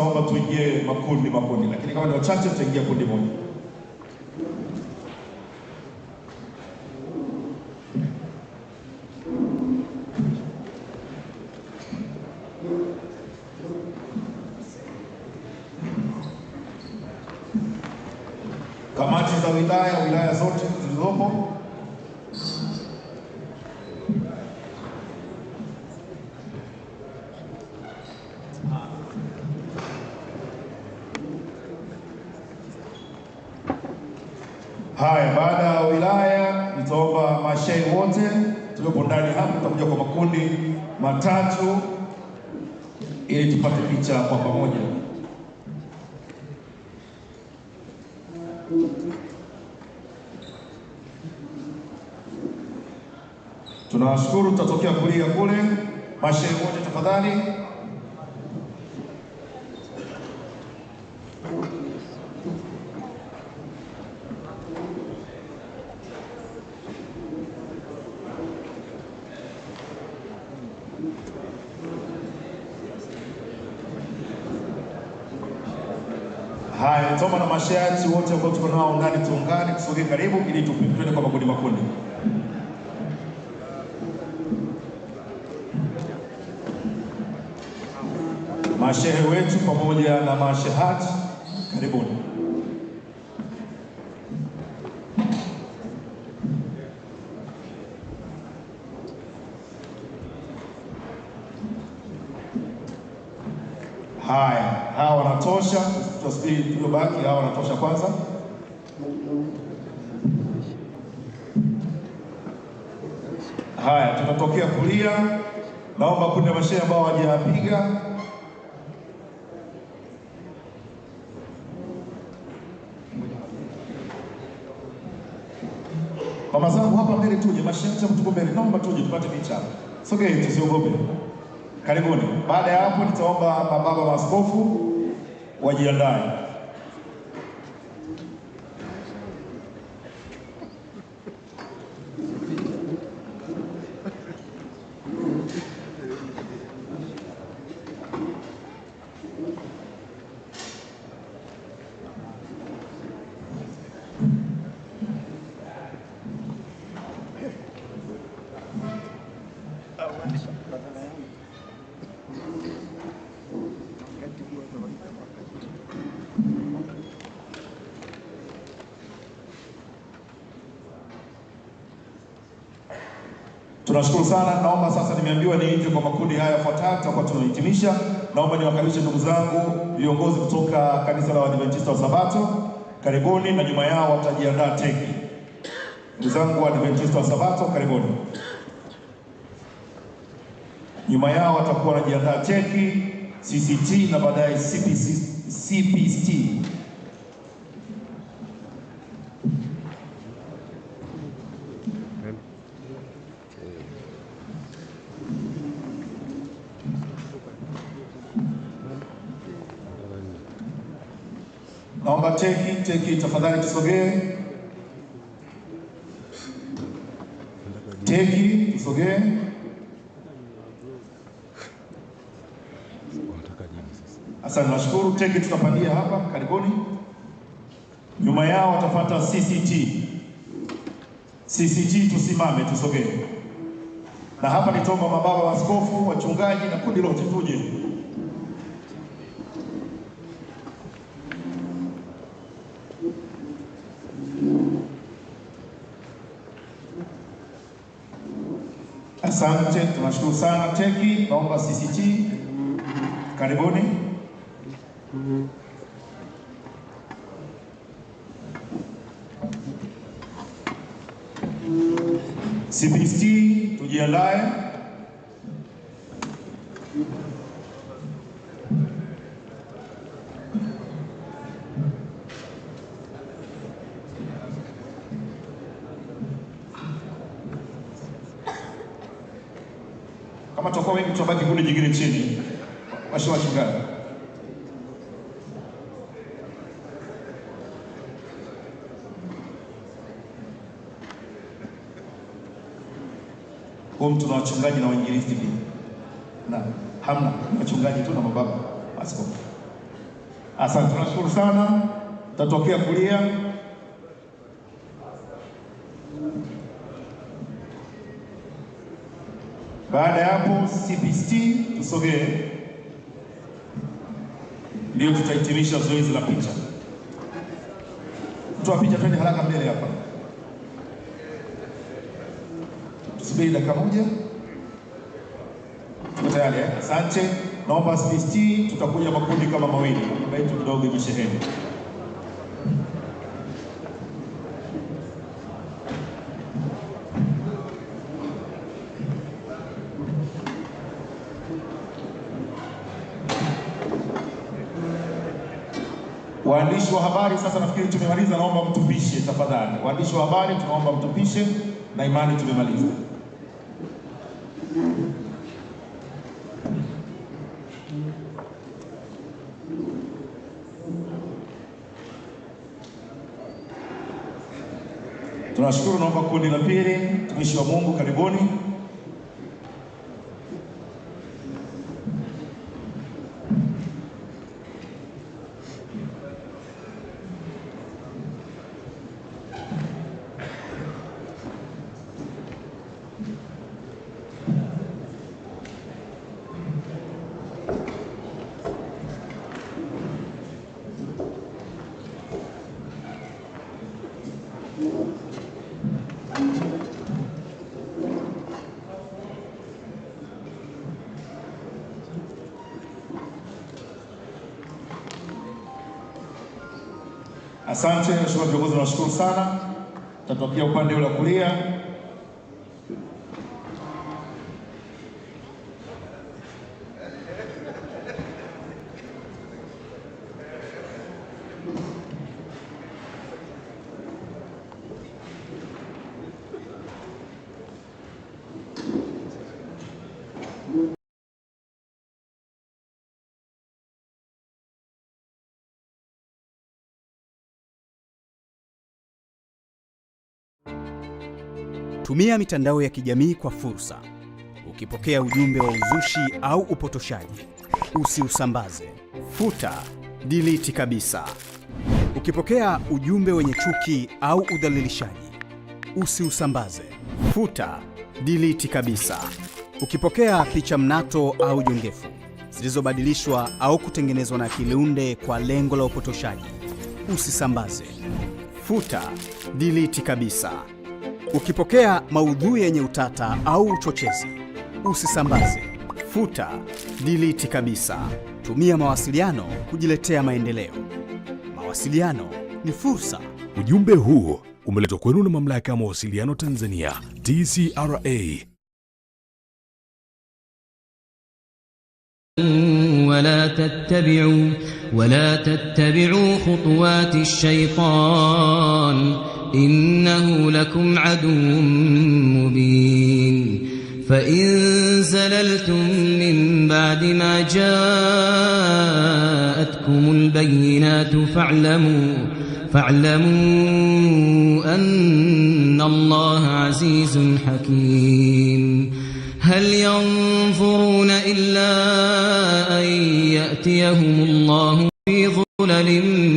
naomba tuingie makundi makundi, lakini kama ni wachache tutaingia kundi moja. Kamati za wilaya wilaya zote zilizopo Haya, baada ya wilaya, nitaomba mashehe wote tuliopo ndani hapa, tutakuja kwa makundi matatu ili tupate picha kwa pamoja. Tunawashukuru, tutatokea kulia kule. Mashehe wote tafadhali. Toma na mashati wote ambao tuko nao ndani, tuungane kusogea karibu ili tupende kwa makundi makundi. Mashehe wetu pamoja na mashehati, karibuni. Haya, hawa wanatosha, tutasubiri tuliobaki. Hawa wanatosha kwanza. Haya, tunatokea kulia. Naomba kuna mashehe ambao hawajapiga mama zangu hapa mbele, tuje mashehe, mtuko mbele, naomba tuje tupate picha. Sogei, tusiogope. Karibuni. Baada ya hapo, nitaomba mababa maaskofu wajiandae. Tunashukuru sana. Naomba sasa, nimeambiwa niite kwa makundi haya yafuatayo, tutakuwa tunahitimisha. Naomba niwakaribishe ndugu zangu viongozi kutoka kanisa la Waadventista wa Sabato, karibuni, na nyuma yao watajiandaa teki. Ndugu zangu Waadventista wa Sabato, karibuni. Nyuma yao watakuwa wanajiandaa teki CCT na baadaye CPC, CPC. Naomba teki teki, tafadhali tusogee. Teki tusogee. Asante, nashukuru. Teki tutapandia hapa, karibuni. Nyuma yao watafata CCT. CCT tusimame, tusogee. Na hapa nitomba mababa, waskofu, wachungaji na kundi lote tuje. Asante, tunashukuru sana teki Naomba CCT, karibuni. CPC tujialae. tutabaki kundi jingine chini, washua wachungaji mtu na wachungaji na wainjilisti pia, na hamna wachungaji tu na mababa askofu. Asante, tunashukuru sana, tatokea kulia Baada ya hapo CPST tusogee, ndio tutahitimisha zoezi la picha. wa picha, twende haraka mbele hapa, tusubiri dakika moja. Tuko tayari, eh? asante. Naomba CPC, tutakuja makundi kama mawili, baba yetu mdogo jisheheni waandishi wa habari, sasa nafikiri tumemaliza, naomba mtupishe tafadhali. Waandishi wa habari, tunaomba mtupishe na imani tumemaliza. Tunashukuru. Naomba kundi la pili, mtumishi wa Mungu, karibuni. Asante mheshimiwa viongozi, nawashukuru sana. Tatokea upande ule wa kulia. Tumia mitandao ya kijamii kwa fursa. Ukipokea ujumbe wa uzushi au upotoshaji, usiusambaze. Futa, diliti kabisa. Ukipokea ujumbe wenye chuki au udhalilishaji, usiusambaze. Futa, diliti kabisa. Ukipokea picha mnato au jongefu zilizobadilishwa au kutengenezwa na kiliunde kwa lengo la upotoshaji, usisambaze. Futa, diliti kabisa. Ukipokea maudhui yenye utata au uchochezi, usisambaze, futa, diliti kabisa. Tumia mawasiliano kujiletea maendeleo. Mawasiliano ni fursa. Ujumbe huu umeletwa kwenu na Mamlaka ya Mawasiliano Tanzania, TCRA. ولا تتبعوا ولا تتبعوا خطوات الشيطان إنه لكم عدو مبين فإن زللتم من بعد ما جاءتكم البينات فاعلموا فاعلموا أن الله عزيز حكيم هل ينفرون إلا أن يأتيهم الله في ظلل